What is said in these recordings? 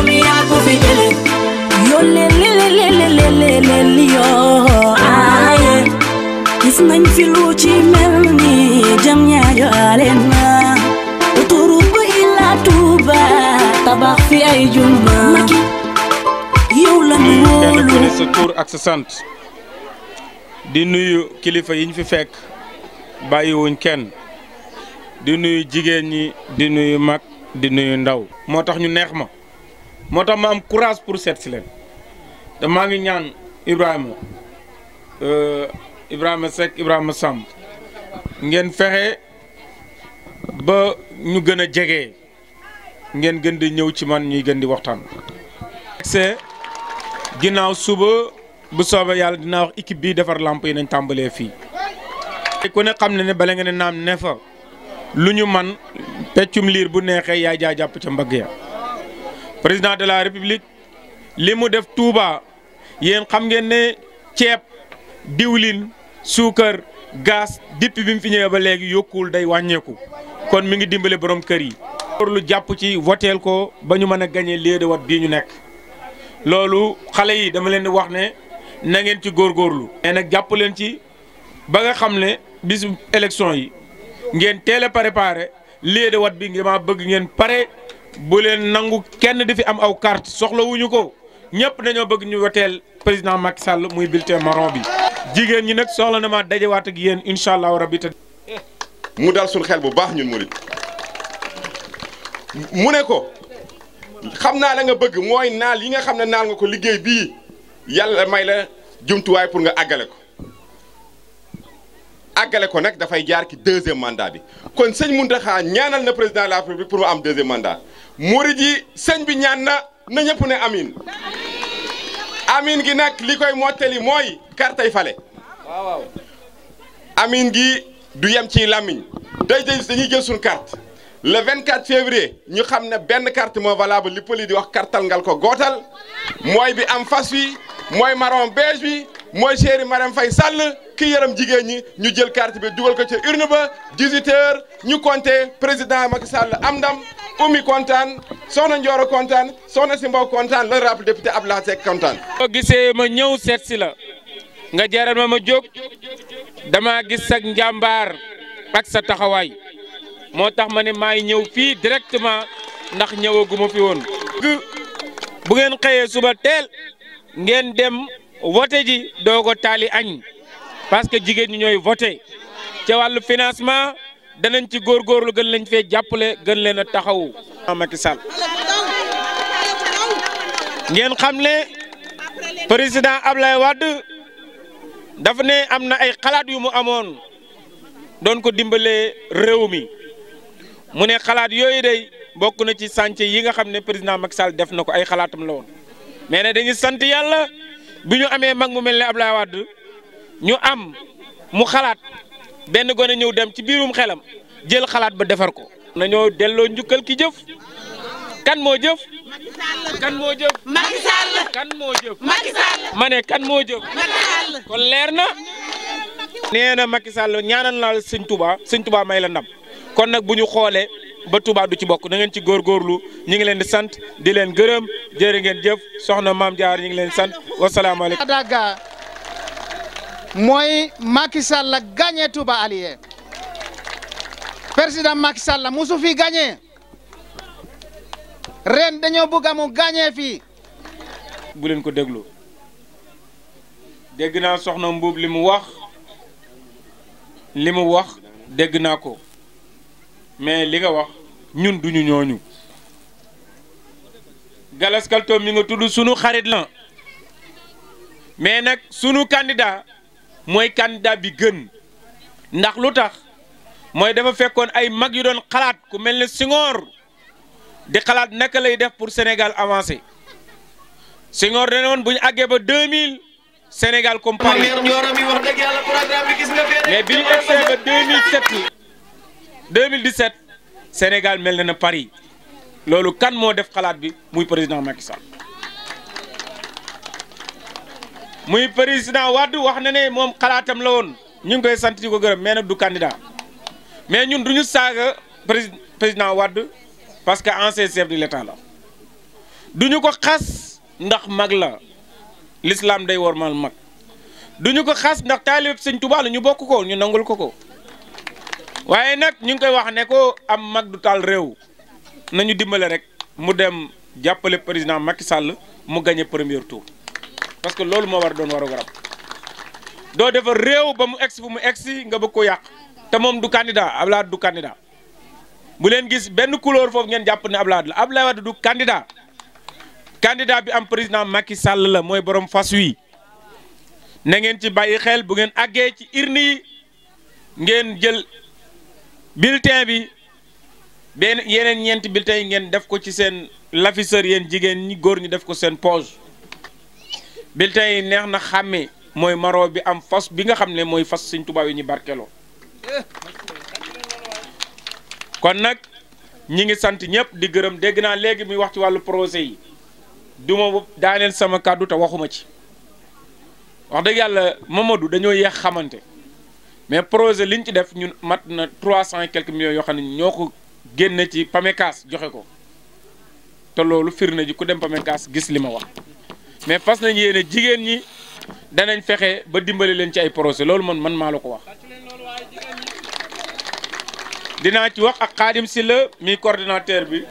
réew mi yaa ko fi jëlee. yoo lelelelelelelele yoo aaye eh. gis nañ fi ci mel ni jam ñaajo aleen na autoroute ba Ila tabax fi ay juma. yow la ñu wóolu di sa tur ak sa sant di nuyu kilifa yi ñu fi fekk bàyyiwuñ kenn di nuyu jigéen ñi di nuyu mag di nuyu ndaw moo tax ñu neex ma. moo tax ma am courage pour seet si leen te ngi ñaan Ibrahima euh, Ibrahima Seck Ibrahima sàmm ngeen fexe ba ñu gën a jege ngeen gën di ñëw ci man ñuy gën di waxtaan. c'est ginnaaw suba bu soobee yàlla dina wax équipe bii defar làmp yi nañ tàmbalee fii. ku ne xam ne ne bala nga ne naam ne fa lu ñu man peccum liir bu neexee yaay jaa jàpp ca mbagg ya. président de la république li mu def Touba yéen xam ngeen ne ceeb diwlin suukar gaz depuis bi mu fi ñëwee ba léegi yokkuwul day wàññeeku kon mu ngi dimbale borom kër yi. lu jàpp ci woteel ko ba ñu mën a gagné lieu de vote bii ñu nekk loolu xale yi dama leen di wax ne na ngeen ci góor góorlu nag jàpp leen ci ba nga xam ne bisu élection yi ngeen teel a préparé lieu de vote bi dama bëgg ngeen pare. bu leen nangu kenn di fi am aw kart soxlawuñu ko ñëpp dañoo bëgg ñu woteel président Macky Sall muy bulletin marron bi jigéen ñi nag soxla na ma dajewaat ak yéen incha allahu rabi te. mu dal suñu xel bu baax ñun murit mu ne ko xam naa la nga bëgg mooy naal yi nga xam ne naal nga ko liggéey bii yàlla may la jumtuwaay pour nga àggale ko àggale ko nag dafay jaar ci deuxième mandat bi kon sëñ Mountakha ñaanal na président de la République pour mu am deuxième mandat murid yi sëñ bi ñaan na na ñëpp ne amin amin gi nag li koy mottali mooy kartay fale amin gi du yem ci làmmiñ day day dañuy jël suñu carte le 24 février ñu xam ne benn carte moo valable li pëli di wax kartal ngal ko gootal mooy bi am fas wi mooy marron beige bi mooy chéri Marème Faye Sall ki yaram jigéen ñi ñu jël carte bi dugal ko ci na ba 18h ñu compté président Macky Sall am ndam Oumy kontaan soxna Ndioro kontaan soxna si Mbow kontaan le rappel député Abdoulaye Seck kontaan. boo gisee ma ñëw seet si la nga jaral ma ma jóg dama gis sa njàmbaar ak sa taxawaay moo tax ma ne maay ñëw fii directement ndax ñëwaguma fi woon. bu ngeen xëyee suba teel ngeen dem. voté ji doogo taali añ parce que jigéen ñi ñooy voté ca wàllu financement danañ ci góor góorgóorlu gën lañ fee jàppale gën leen a taxawu. Macky Sall ngeen xam ne président Ablaye Wade dafa ne am na ay xalaat yu mu amoon doon ko dimbalee réew mi mu ne xalaat yooyu day bokk na ci chantier yi nga xam ne président Macky Sall def na ko ay xalaatum la woon mais ne dañuy sant yàlla. bi ñu amee mag mu mel ne Abdoulaye Wade ñu am mu xalaat benn gone ñëw dem ci biirum xelam jël xalaat ba defar ko. nañoo delloo njukkal ki jëf kan moo jëf. kan moo jëf. Macky Sall kan moo jëf. Macky moo jëf. kon leer na. nee na Macky Sall ñaanal naa la sëñ may la ndam kon nag bu ñu xoolee. ba Touba du ci bokk na ci góorgóorlu ñu ngi leen di sant di leen gërëm jërë ngeen jëf soxna Maam Jaar ñu ngi leen di sant wasalaamaaleykum. Daga mooy Macky Sall gagné Touba Alié président Macky Sall musu fi gagné ren dañoo bëgg a mu gagné fii. bu leen ko déglu dégg naa soxna Mbuub li mu wax li mu wax dégg naa ko. mais li nga wax ñun duñu ñooñu Galas Kaltoum mi nga tudd suñu xarit la mais nag sunu candidat mooy candidat bi gën ndax lu tax mooy dafa fekkoon ay mag yu doon xalaat ku mel ne Senghor di xalaat naka lay def pour Sénégal avancer Senghor dane woon bu ñu àggee ba 2000 Sénégal comme Paris mais bi ñu egsee ba 2007 2017 Sénégal mel na na Paris loolu kan moo def xalaat bi muy président Macky Sall muy président wadd wax na ne moom xalaatam la woon ñu ngi koy sant di ko gërëm mais na du candidat mais ñun du ñu saaga président wadd parce que ancien chef de l'État la du ñu ko xas ndax mag la lislaam day wormal mag du ñu ko xas ndax taalib Sëñ Tuubaa la ñu bokk ko ñu nangul ko ko. waye nak ñu ngi koy wax ne ko am mag du taal réew nañu dimbalé rek mu dem jappalé président Macky Sall mu gagner premier tour parce que lolu mo war doon waro garab do defal rew ba mu ex bu mu ex nga bëgg ko yaq té mom du candidat Abdoulaye du candidat bu len gis benn couleur foofu ngeen japp ni Abdoulaye la Abdoulaye wad du candidat candidat bi am président Macky Sall la moy borom fas wi na ngeen ci bayyi xel bu ngeen aggé ci irni ngeen jël bulletin bi benn yeneen ñeenti bulletin yi ngeen def ko ci seen lafiseur yéen jigéen ñi góor ñi def ko seen poche bulletin yi neex na xàmme mooy maro bi am fas bi nga xam ne mooy fas Sëñ Tuubaa yi ñu barkeloo kon nag ñi ngi sant ñëpp di gërëm dégg naa léegi muy wax ci wàllu projet yi duma daaneel sama kàddu te waxuma ci wax dëgg yàlla Mamadou dañoo yeex xamante mais projet li ci def ñun mat na trois cent et quelques yoo xam ne ñoo ko génne ci PAMECAS joxe ko te loolu firnde ji ku dem PAMECAS gis li ma wax mais fas nañ yéene jigéen ñi danañ fexe ba dimbali leen ci ay projet loolu man man maa la ko wax. dinaa ci wax ak Xaadim Silla mi coordinateur bi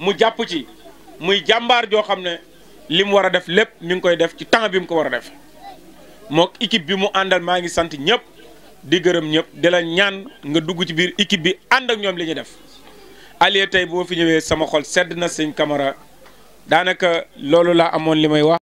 mu jàpp ci muy jàmbaar joo xam ne li mu war a def lépp mi ngi koy def ci temps bi mu ko war a def mook équipe bi mu àndal maa ngi sant ñëpp. di gërëm ñëpp di la ñaan nga dugg ci biir équipe bi ànd ak ñoom li ñu def Aliou tey boo fi ñëwee sama xol sedd na sëñ Camara daanaka loolu laa amoon li may wax.